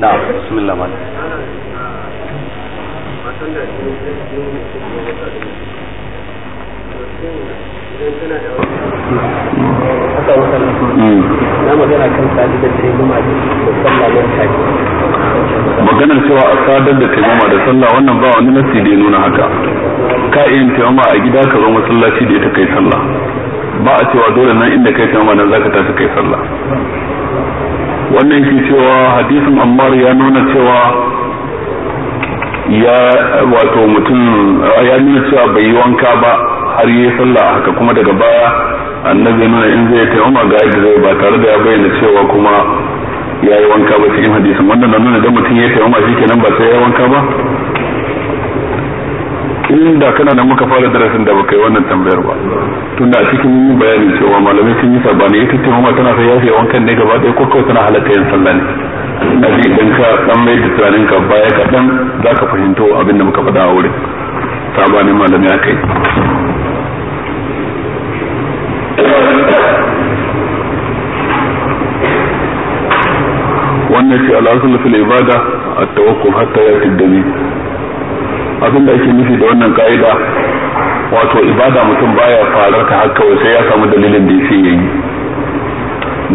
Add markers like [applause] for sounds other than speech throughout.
na'am bismillah maganar cewa a sadar da taimama da sallah wannan ba wani nasi da ya nuna haka ka iya taimama a gida ka zo masallaci da ita kai sallah ba a cewa dole nan inda kai taimama nan zaka tafi kai sallah wannan shi cewa hadisin ammar ya nuna cewa ya wato mutum ya nuna cewa bai yi wanka ba har yi sallah haka kuma daga baya annabi nuna in zai ta umar ga yadda zai ba tare da ya bayyana cewa kuma ya yi wanka ba cikin hadisin wannan na nuna da mutum ya yi umar shi kenan ba sai ya yi wanka ba da kana nan muka fara darasin da baka yi wannan tambayar ba tun da cikin yin bayani cewa malamai sun yi sabani ita ce kuma tana sai yafe wankan ne gaba ɗaya ko kawai tana halatta yin sallah ne na ji idan ka dan mai da tunanin ka baya kaɗan za ka fahimto abin da muka faɗa a wurin sabanin malami akai wannan ce al'asul fil ibada at-tawakkul hatta yati dalil abin da yake nufi da wannan ka'ida wato ibada mutum baya farar ta haka kawai sai ya samu dalilin da yake yi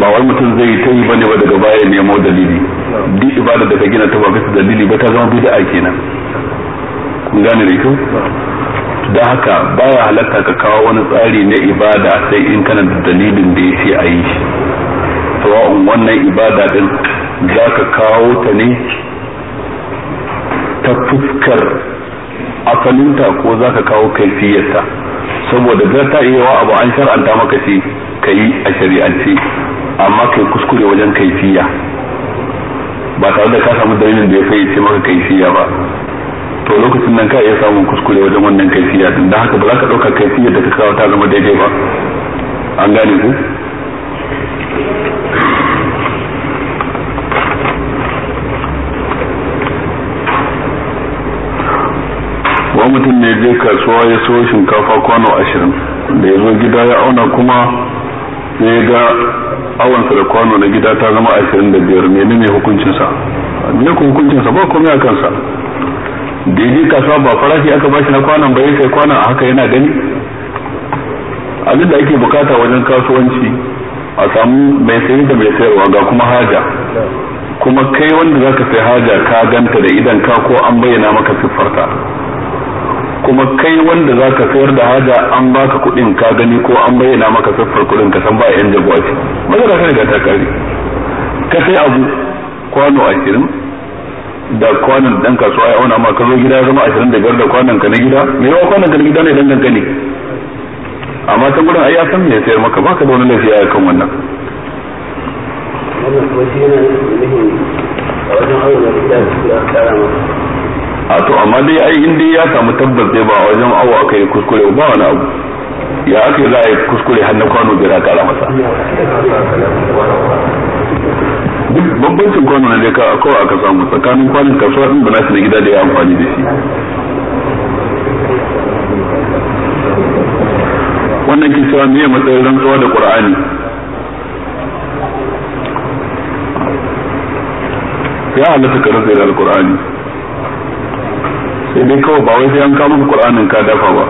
ba wai mutum zai yi ta yi bane ba daga baya nemo dalili duk ibada daga gina ta ba bisa dalili ba ta zama bid'a kenan kun gane da kyau da haka baya halatta ka kawo wani tsari na ibada sai in kana da dalilin da yake a yi shi sawa'un wannan ibada din za ka kawo ta ne ta fuskar asalinta ko za ka kawo kaifiyarta saboda zai ta iya abu an shar'anta maka shi ka yi a shari'ance amma kai kuskure wajen kaifiya ba tare da ka samu dalilin da ya ce maka kaifiya ba to lokacin nan ka iya samun kuskure wajen wannan kaifiya din da haka ba za ka ɗauka kaifiyar da ka kawo ta zama daidai ba an gane ku kamar mutum ne je kasuwa ya so shinkafa kwano ashirin da ya zo gida ya auna kuma ya ga awansa da kwano na gida ta zama ashirin da biyar ne ne hukuncinsa ne ku hukuncinsa ba komai a kansa da kasuwa ba farashi aka bashi na kwanon ba ya kai kwanon a haka yana gani abin da ake bukata wajen kasuwanci a samu mai sayar da mai sayarwa ga kuma haja kuma kai wanda zaka sai haja ka ganta da idan ka ko an bayyana maka siffarta kuma kai wanda za ka sayar da haja an baka kuɗin ka gani ko an bayyana maka siffar kuɗin ka san ba a yan jagowa ce magana ta riga ta ka sai abu kwano ashirin da kwanan dan kasuwa ya auna ma ka zo gida zama ashirin da biyar da kwanan ka na gida me yawa kwanan ka na gida ne dan ne amma ta gudun ai san me sayar maka baka da wani lafiya kan wannan wannan kuma shi yana nufin a wajen aure da gida da su a kara masa a to amma dai ai in dai ya samu tabbas dai ba wajen awa aka yi kuskure ba wani abu ya ake za a yi kuskure har na kwano biyar aka ala masa bambancin kwano na dai kawai aka samu tsakanin kwanin kasuwa din bana nasu na gida da ya amfani da shi wannan ke ne matsayin rantsuwa da qur'ani ya halatta ka rantsa da alqur'ani sai kawai ba wai sai an kawo maka qur'anin ka dafa ba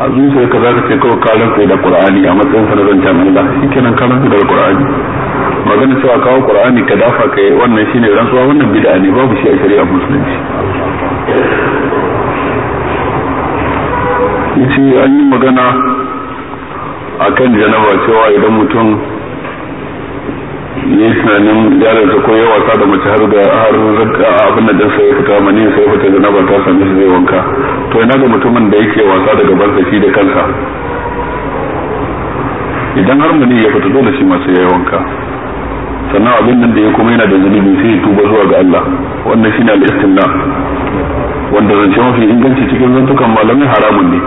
a zuciya ka zaka ce kawai ka rantsa da kur'ani a matsayin sa na zancen Allah shikenan ka rantsa da qur'ani magana cewa kawo kur'ani ka dafa kai wannan shine rantsuwa wannan bid'a ne babu shi a shari'a musulunci yace an yi magana akan janaba cewa idan mutum ya tunanin yaron ta koyi wasa da mace har da har abin da dinsa ya fita mani sai fita da nabar ta sami shi zai wanka to ina ga mutumin da yake wasa da gaban shi da kansa idan har mani ya fita dole shi masu ya yi wanka sannan abin nan da ya kuma yana da zunubi sai ya tuba zuwa ga Allah wannan shine al-istinna wanda zance mafi inganci cikin zantukan malamai haramun ne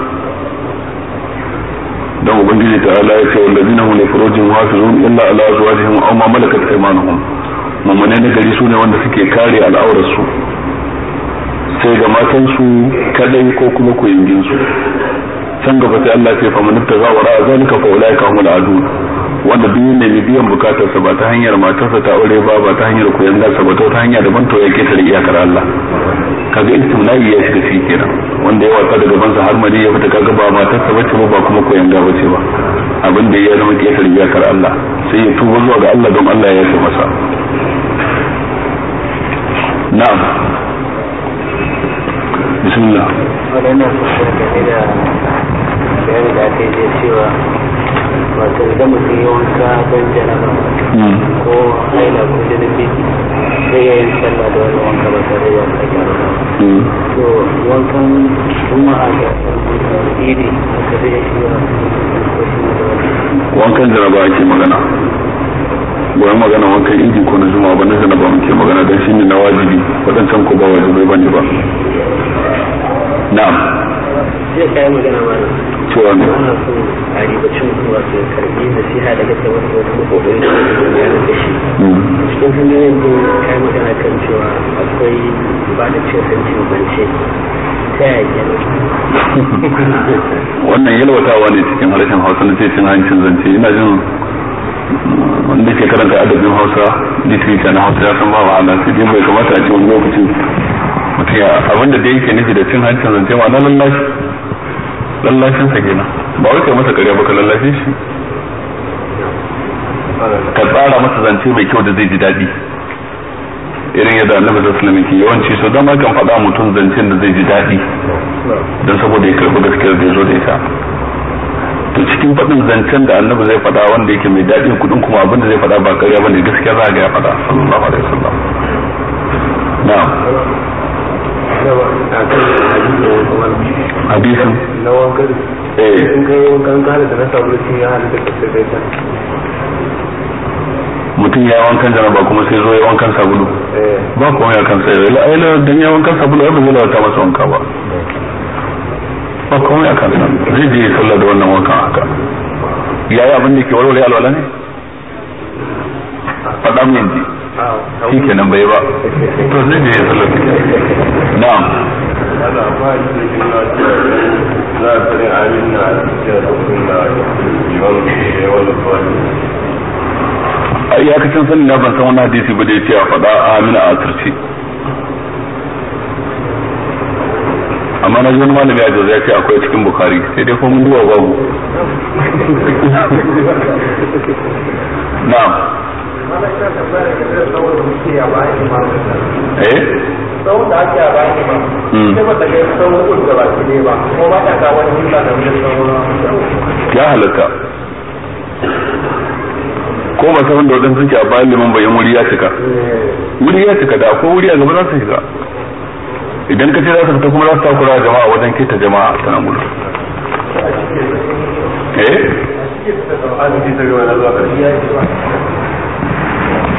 dan ubangiji ta ala ya ce wallazina hum li furujihim hafizun illa ala azwajihim aw ma malakat aymanuhum mummune na gari su ne wanda suke kare al'aurar sai ga matansu su kadai ko kuma yin su can gaba sai Allah ya ce fa man a wara zalika ya ulaika da adu wanda duk ne mai biyan bukatarsa ba ta hanyar matarsa ta aure ba ba ta hanyar koyon gasa ba ta hanya daban to ya ketare iyakar Allah kaga istimla'i ya shiga cikin kenan wanda ya wasa daga bansa har mali ya fita kaga ba matarsa bace ba ba kuma koyon gaba ce ba abin da ya zama ketare iyakar Allah sai ya tuba zuwa ga Allah don Allah ya yi masa na'am bismillah wannan da aka yi cewa wato idan mutum yi wanka don jaraba hmm. ko haila ko jirgin janabi zai yayin sallah da wani wanka ba tare da wanka jaraba hmm. to wankan juma'a da idi haka zai shi wa wankan jaraba ake magana ba magana wankan idi ko na juma'a ba na jaraba muke magana don shi ne na wajibi waɗancan ko ba wajibai ba ne ba na'am sai ka magana ba cewa wani [laughs] wannan yalwatawa ne cikin harshen hausa na cin hancin zance ina jin uh, wanda ke karanta adabin hausa literature na hausa ya san ba ma'ana sai bai kamata a cikin wani lokacin mutum abinda da yake nufi da cin hancin zance ma na lallashin sa kenan ba wai kai masa ƙarya ba ka lallashe shi ka tsara masa zance mai kyau da zai ji daɗi irin yadda annabi sallallahu alaihi yawanci so ma kan faɗa mutum zancen da zai ji daɗi don saboda ya karɓi gaskiyar da ya zo da ita to cikin faɗin zancen da annabi zai faɗa wanda yake mai daɗin kuɗin kuma abin da zai faɗa ba ƙarya bane gaskiya za ga ya faɗa sallallahu alaihi wasallam na'am hadisin na wankan eh in kai wankan kana da na sabulu shi ya halitta kasance da mutum ya wankan janaba kuma sai zo ya wankan sabulu ba kuma ya kan sai la ila dan ya wankan sabulu ai ba zai ta masa wanka ba ba kuma ya kan sa zai je sallar da wannan wankan haka yayi abin da ke warware alwala ne faɗa min yanzu shi nan bai ba to zai ne ya zalafi na'am ya kacin sani na ban san wani hadisi ba ce a faɗa amina a asirce amma na wani malami a jaza ya ce akwai cikin bukari sai dai kuma duwa babu na'am tsawon da ake a bayan ba. sai ba ta uku da ba ne ba ko ba ta wani da wani ya halatta ko ba ta wanda wadansu suke a bayan liman bayan wuri ya cika wuri ya cika da akwai wuri a gaba za su shiga idan ka ce za su fita kuma za su takura jama'a wajen keta jama'a ta nan gudu eh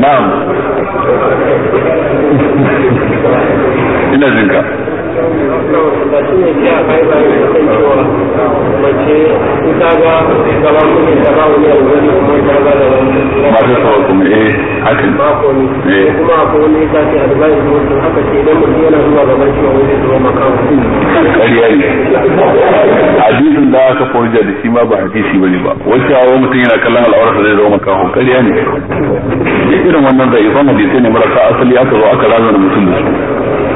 na'am [laughs] ina jinka ba shi a ba ne kan cewa kuma ba ba eh hakan ne kuma ta eh, eh. ce haka ce idan mutum yana zuwa gaban cewa wani zuwa makamu ne hadisin da aka forja da shi ma ba hadisi bane ba wacce hawa mutum yana kallon al'aurarsa zai zama makamu ƙarya ne duk irin wannan zaifan hadisai ne marasa asali aka zo aka razana mutum da su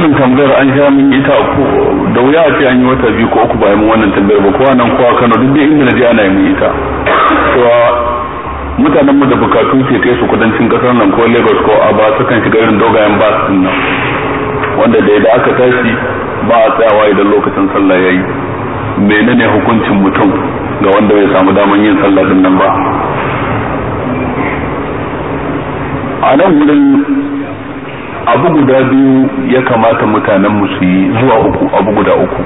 wannan tambayar an sha min ita ko da wuya a ce an yi wata biyu ko uku ba mun wannan tambayar ba ko nan ko Kano duk da inda na je ana yi min ita to mutanen mu da bukatu ke ta su kudancin kasar nan ko Lagos ko Aba kan shiga irin dogayen bas din nan wanda da idan aka tashi ba a tsayawa idan lokacin sallah ya yayi menene hukuncin mutum ga wanda bai samu daman yin sallah din nan ba a nan wurin abu guda biyu ya kamata mutanen su yi zuwa uku abu guda uku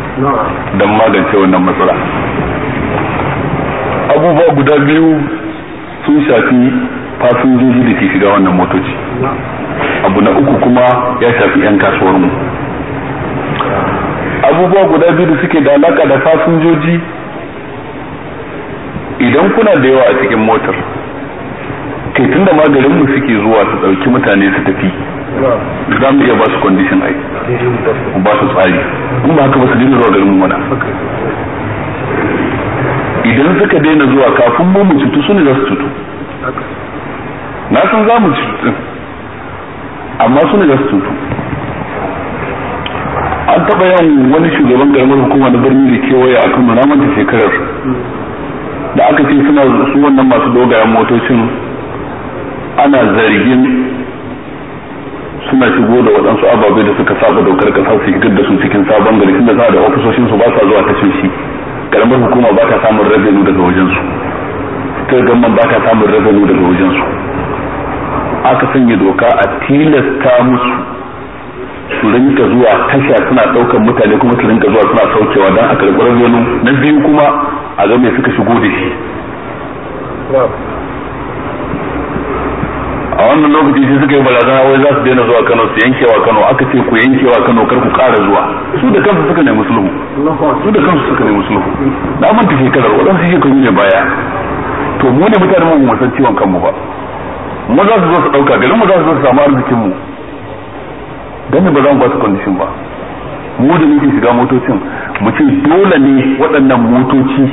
don magance wannan matsala abubuwa guda biyu sun shafi fasinjoji da ke shiga wannan motoci abu na uku kuma ya shafi 'yan kasuwar mu abubuwa guda biyu da suke da alaka da fasinjoji idan kuna da yawa a cikin motar tun da mu suke zuwa su ɗauki mutane su tafi za mu iya ba su condition ai ba su tsari in ba haka ba su dinga zuwa garin mana idan suka daina zuwa kafin mu mu cutu su ne za su cutu na san za mu cutu amma su ne za su cutu an taɓa yin wani shugaban karamar hukuma na birni da kewaye a kan manamanta shekarar da aka ce suna su wannan masu dogayen motocin ana zargin suna shigo da waɗansu ababe da suka saba dokar ƙasa su hitar da su cikin sabon gari da za da ofisoshin su ba sa zuwa shi karamar hukuma ba ta samun rabenu daga wajen su ta gamman ba ta samun rabenu daga wajen su aka sanya doka a tilasta musu su rinka zuwa tasha suna ɗaukar mutane kuma su rinka zuwa suna saukewa don a karɓi rabenu na biyu kuma a game suka shigo da shi a wannan lokaci shi suka yi barazana wai za su daina zuwa Kano su yanke wa Kano aka ce ku yanke wa Kano kar ku kara zuwa su da kansu suka nemi sulhu su da kansu suka nemi sulhu na kalar shekarar waɗansu shekaru ne baya to mu ne mutane mu musan ciwon kanmu ba mu za su zo su ɗauka garin mu za su zo su samu arzikin mu dan ba za mu ba su condition ba mu da muke shiga motocin mu ce dole ne waɗannan motoci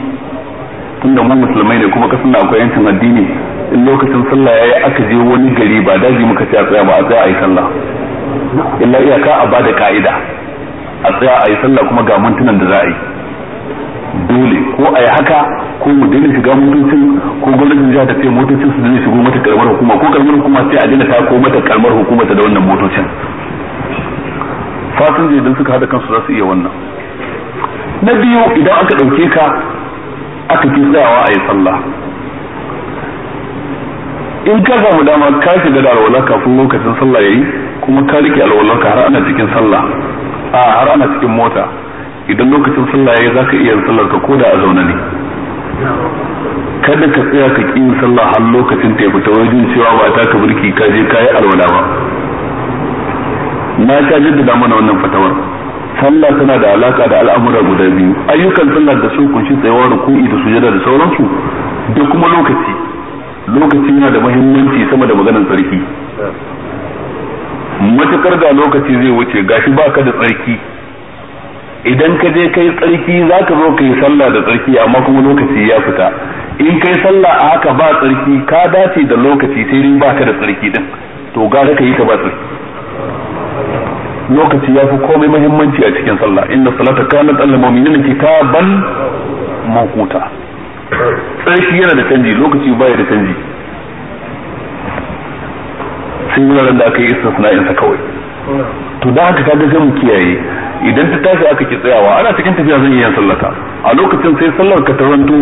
tunda mu musulmai ne kuma kasan akwai yancin addini in lokacin sallah yayi aka je wani gari ba daji muka ce a tsaya ba a tsaya ayi sallah illa iyaka a bada ka'ida a tsaya ayi sallah kuma ga mintunan da za a yi dole ko ayi haka ko mu daina shiga motocin ko gwamnatin jiha ta ce mutuncin su daina shigo mata karamar hukuma ko karamar hukuma sai a daina ko mata karamar hukuma ta da wannan motocin fasinja idan suka hada kansu za su iya wannan na biyu idan aka ɗauke ka aka ki tsayawa a yi sallah in ka samu dama ka shiga da alwala kafin lokacin sallah yayi kuma ka rike alwala ka har ana cikin sallah a har ana cikin mota idan lokacin sallah yayi zaka iya sallar ka koda a zauna ne kada ka tsaya ka ki sallah har lokacin ta fita wajen cewa ba ta ka burki ka je kayi alwala ba na ta jaddada mana wannan fatawar sallah tana da alaka da al'amura guda biyu ayyukan sallah da su kunshi tsayawa da ku'i da sujada da sauransu da kuma lokaci lokaci yana da mahimmanci sama da maganar tsarki matukar da lokaci zai wuce gashi ka da tsarki idan ka je kai tsarki za ka zo ka yi sallah da tsarki amma kuma lokaci ya fita in kai sallah a haka ba tsarki ka dace da lokaci sai rin ba ka da tsarki din to gara ka yi ka ba tsarki lokaci ya fi komai mahimmanci a cikin sallah inda salata kanat al-mu'minina kitaban mawquta shi yana da canji lokaci baya da canji sun wuraren da aka yi istisna'insa kawai to da haka kaga sai kiyaye idan ta tashi aka ki tsayawa ana cikin tafiya zan iya sallata a lokacin sai sallar ka taranto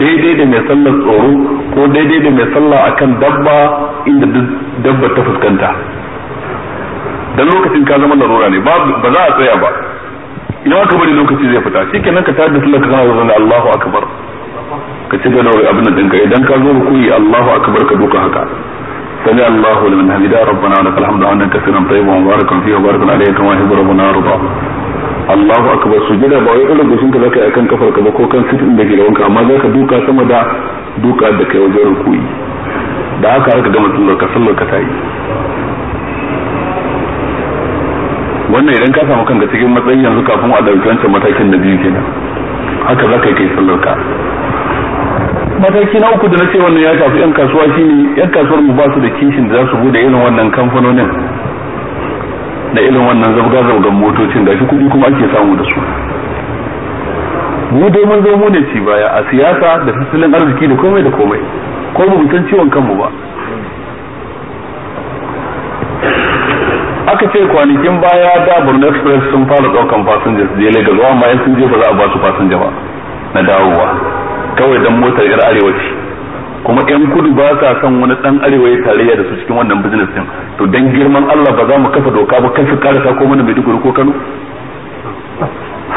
daidai da mai sallar tsoro ko daidai da mai sallar akan dabba inda dabba ta fuskanta dan lokacin ka zama larura ne ba ba za a tsaya ba idan aka bari lokaci zai fita shi kenan ka tada sallar ka zama da Allahu akbar ka ci gaba da abin da ka idan ka zo rukuyi Allahu akbar ka duka haka sani Allahu liman hamida rabbana wa lakal hamdu hamdan kasiran tayyiban mubarakan fihi wa barakan alayka kama yuhibbu rabbuna wa Allahu akbar gida ba wai irin gushin ka zaka yi akan kafar ka ba ko kan sitin da gidan ka amma zaka duka sama da duka da kai wajen rukuyi da haka aka gama sallar ka sallar ka tayi wannan idan ka samu kanka cikin matsayin yanzu kafin a ɗauki wancan matakin da biyu kenan haka za ka yi kai sallar ka mataki na uku da na ce wannan ya tafi yan kasuwa shine yan kasuwar mu ba su da kishin da za su bude irin wannan kamfanonin da irin wannan zabga-zabgan motocin da shi kuɗi kuma ake samu da su mu dai mun zo mu ne ci baya a siyasa da tattalin arziki da komai da komai ko mu san ciwon kanmu ba aka ce kwanakin baya da Borno Express sun fara daukan fasinja su je Lagos amma in sun je ba za a ba su fasinja ba na dawowa kawai dan motar yar arewa ce kuma yan kudu ba sa son wani dan arewa ya tarayya da su cikin wannan business din to dan girman Allah ba za mu kafa doka ba kai su karasa ko mana Maiduguri ko Kano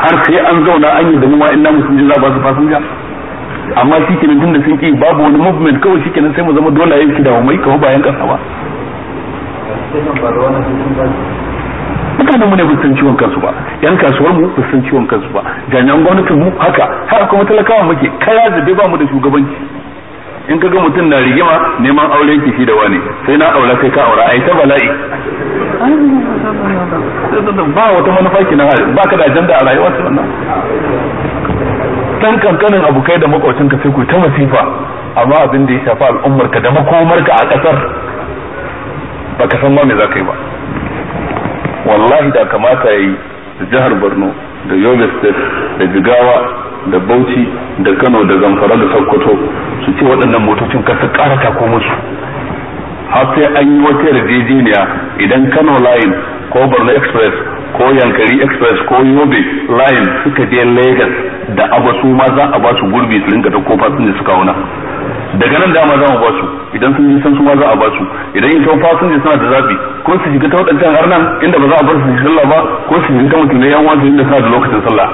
har sai an zauna an yi da mu ma in namu za ba su fasinja amma shi kenan tunda sun ki babu wani movement kawai shi kenan sai mu zama dole yin kidawa mai kawai bayan kasa ba mutanen mu ne ba san ciwon kansu ba yan kasuwar mu ba san ciwon kansu ba jami'an gwamnatin mu haka har kuma talakawa muke kaya zabe ba mu da shugabanci in kaga mutum na rigima neman aure ki shi da wani sai na aura sai ka aura ai ta bala'i ba wata manufa ki na ba ka da ajanda a rayuwar su wannan dan kankanin abu kai da ka sai ku ta masifa amma abin da ya shafi al'ummarka da makomarka a kasar baka san ma me za ka yi ba wallahi da kamata yayi da jihar Borno da Yobe State da Jigawa da Bauchi da Kano da Zamfara da Sokoto su ce waɗannan motocin ka su ƙara tako musu har sai an yi wata yarjejeniya idan Kano Line ko Borno Express ko Yankari Express ko Yobe Line suka je Lagos da Aba ma za a ba su gurbi su rinka da kofa sun suka wuna daga nan dama za mu ba su idan sun yi san su ma za a ba su idan in kan fasin ne suna da zabi ko su shiga ta wadancan nan inda ba za a bar su sallah ba ko su shiga mutum ne yan wanda inda suna da lokacin sallah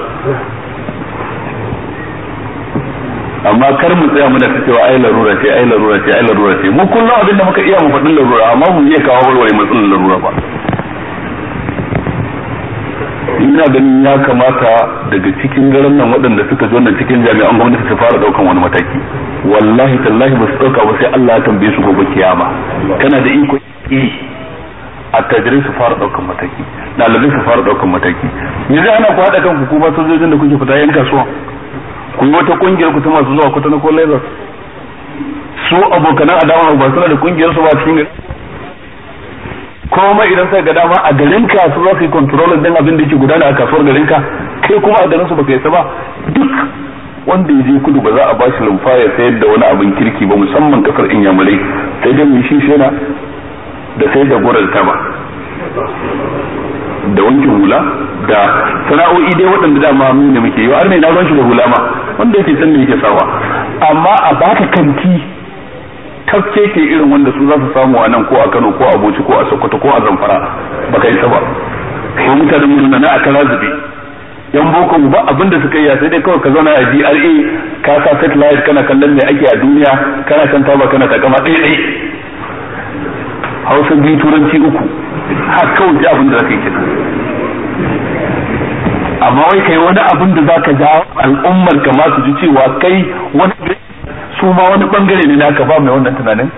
amma kar mu tsaya muna cewa ai larura ce ai larura ce ai larura ce mu kullum abin da muka iya mu faɗin larura amma mu iya kawo warware matsalar larura ba ina ganin ya kamata daga cikin garin nan waɗanda suka zo nan cikin jami'an gwamnati su fara daukan wani mataki wallahi tallahi ba su dauka ba sai Allah ya tambaye su gobe kiyama kana da iko attajirai su fara daukan mataki dalibai su fara daukan mataki yanzu ana ku haɗa kan hukuma sojojin da kuke fita yan kasuwa ku yi wata kungiyar ku ta masu zuwa na ko lagos su abokanan adawa ba suna da kungiyar su ba cikin gari kuma idan suka ga dama a garin ka su za controller yi din abin da yake gudana a kasuwar garin ka kai kuma a garin su baka sa ba duk wanda ya je kudu ba za a bashi lumfa ya sayar da wani abin kirki ba musamman kasar inyamurai sai dai mun shi shena da sai da gurar ba. da wankin hula da sana'o'i dai waɗanda dama mu ne muke yi har ne na ruwan shi da hula ma wanda yake san me yake sawa amma a baka kanti kafke ke irin wanda su za su samu a nan ko a Kano ko a Bauchi ko a Sokoto ko a Zamfara ba ka yi ba ko mutanen mun na a karazube yan boko ba abin da suka yi sai dai kawai ka zauna a DRA ka sa satellite kana kallon me ake a duniya kana kan taba kana takama ɗaya ɗaya Hausa biyu turanci uku har kawai ji abin da zaka yi kina amma wai kai wani abin da zaka ja al'ummar ka ma su ji cewa kai wani su ma wani bangare ne naka ba mai wannan tunanin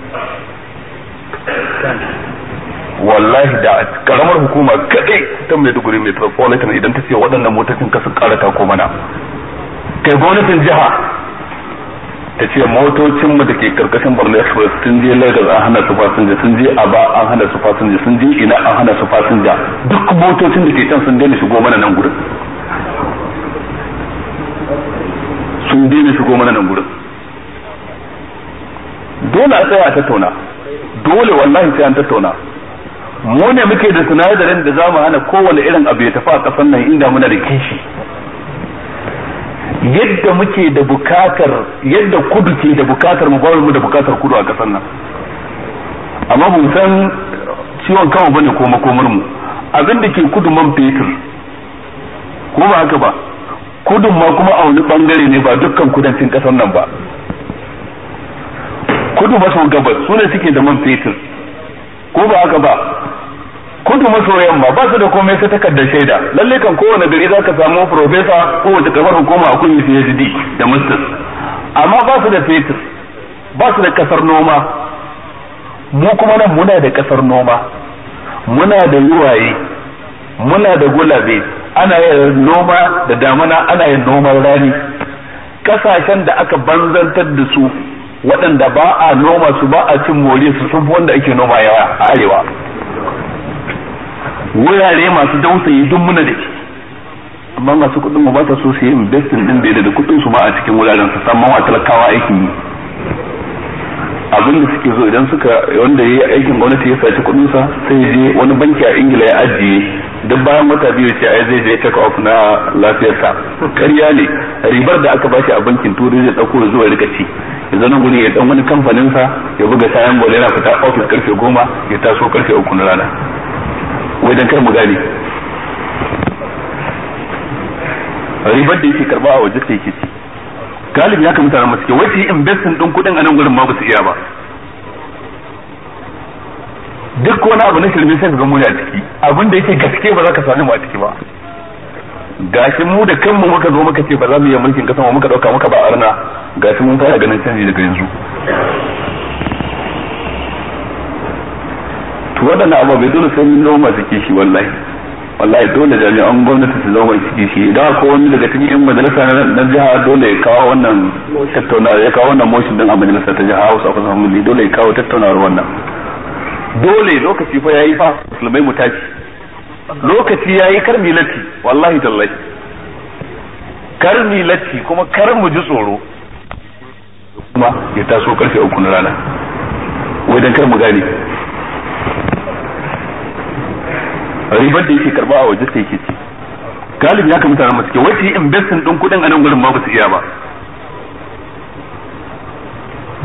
wallahi da karamar hukuma kadai ta mai duguri mai metropolitan idan ta ce waɗannan motocin ka su ta ko mana kai gwamnatin jiha ta ce motocin mu da ke karkashin Borno Express sun je Lagos an hana su fasinja sun je Aba an hana su fasinja sun je Ina an hana su fasinja duk motocin da ke can sun daina shigo mana nan gurin sun daina shigo mana nan gurin dole a tsaya a tattauna dole wallahi sai an tattauna mu ne muke da sinadarin da za mu hana kowane irin abu ya tafi a kasan nan inda muna da kishi yadda muke da bukatar yadda kudu ke da bukatar mu bawo mu da bukatar kudu a kasan nan amma mun san ciwon kama bane ko makomar mu abin da ke kudu man fetur ko ba haka ba kudun ma kuma a wani bangare ne ba dukkan kudancin kasan nan ba kudu maso gabas su ne suke da man fetur ko ba haka ba kudu maso yamma ba su da komai sai takardar shaida lalle kan kowane gari za ka samu profesa ko wata kafar hukuma a kunyi CSD da masters amma ba su da fetur ba su da kasar noma mu kuma nan muna da kasar noma muna da ruwaye muna da gulabe ana yin noma da damana ana yin noman rani kasashen da aka banzantar da su waɗanda ba a noma su ba a cin more su sun wanda ake noma yawa a arewa wurare masu dausayi duk muna da shi amma masu kuɗin mu ba ta so su yi investin din da da kuɗin su ma a cikin wuraren su san mawa talakawa aikin yi abin da suke zo idan suka wanda ya aikin gwamnati ya saci kuɗin sa sai je wani banki a ingila ya ajiye duk bayan wata biyu ce ai zai je check off na lafiyarsa ƙarya ne ribar da aka bashi a bankin turai zai dauko zuwa rika ci yanzu nan gurin ya dan wani kamfanin sa ya buga sayan bole yana fita office karfe goma ya taso karfe uku na rana wai dan kar mu gane ribar da yake karba a waje sai yake ci galibi ya kamata na masu ke wai yi investing din kudin a nan gurin ma ba su iya ba duk wani abu na shirme sai ka ga muni a ciki abin da yake gaske ba za ka sami a ciki ba gashi mu da kanmu muka zo muka ce ba za mu yi mulkin kasa muka dauka muka ba arna gashi mun fara ganin canji daga yanzu to abu ababai dole sai mun zama masu kishi wallahi wallahi dole jami'an gwamnati su zama masu kishi idan ko wani daga cikin yan majalisa na jiha dole ya kawo wannan tattaunawa ya kawo wannan motion din a majalisa ta jiha Hausa ko mulki dole ya kawo tattaunawar wannan dole lokaci fa yayi fa musulmai mu tashi lokaci yayi kar mi latti wallahi tallahi kar mi latti kuma kar mu ji tsoro kuma ya taso karfe uku na rana wai dan kar mu gane ribar da yake karba a waje sai yake ci galibi ya kamata na masu ke wace investing din kudin a nan gurin ma ba su iya ba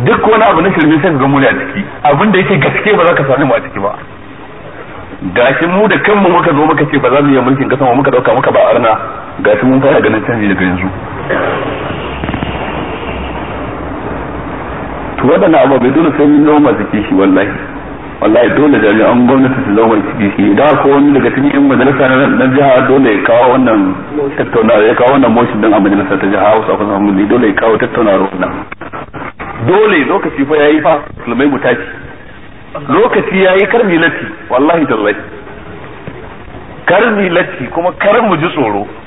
duk wani abu na shirme sai ka ga mu a ciki abin da yake gaske ba za ka sami mu a ciki ba gashi mu da kanmu muka zo muka ce ba za mu yi mulkin kasan muka dauka muka ba arna gashi mun fara ganin canji daga yanzu to abu ababai dole sai mun zama ciki kishi wallahi wallahi dole jami'an gwamnati su zama ciki kishi da ko wani daga cikin yan majalisa na jiha dole ya kawo wannan tattaunawa ya kawo wannan motion din a majalisa ta jiha wasu akwai dole ya kawo tattaunawa wannan dole lokaci fa yayi fa musulmai mu lokaci yayi karmi latti wallahi tallahi karmi latti kuma kar mu ji tsoro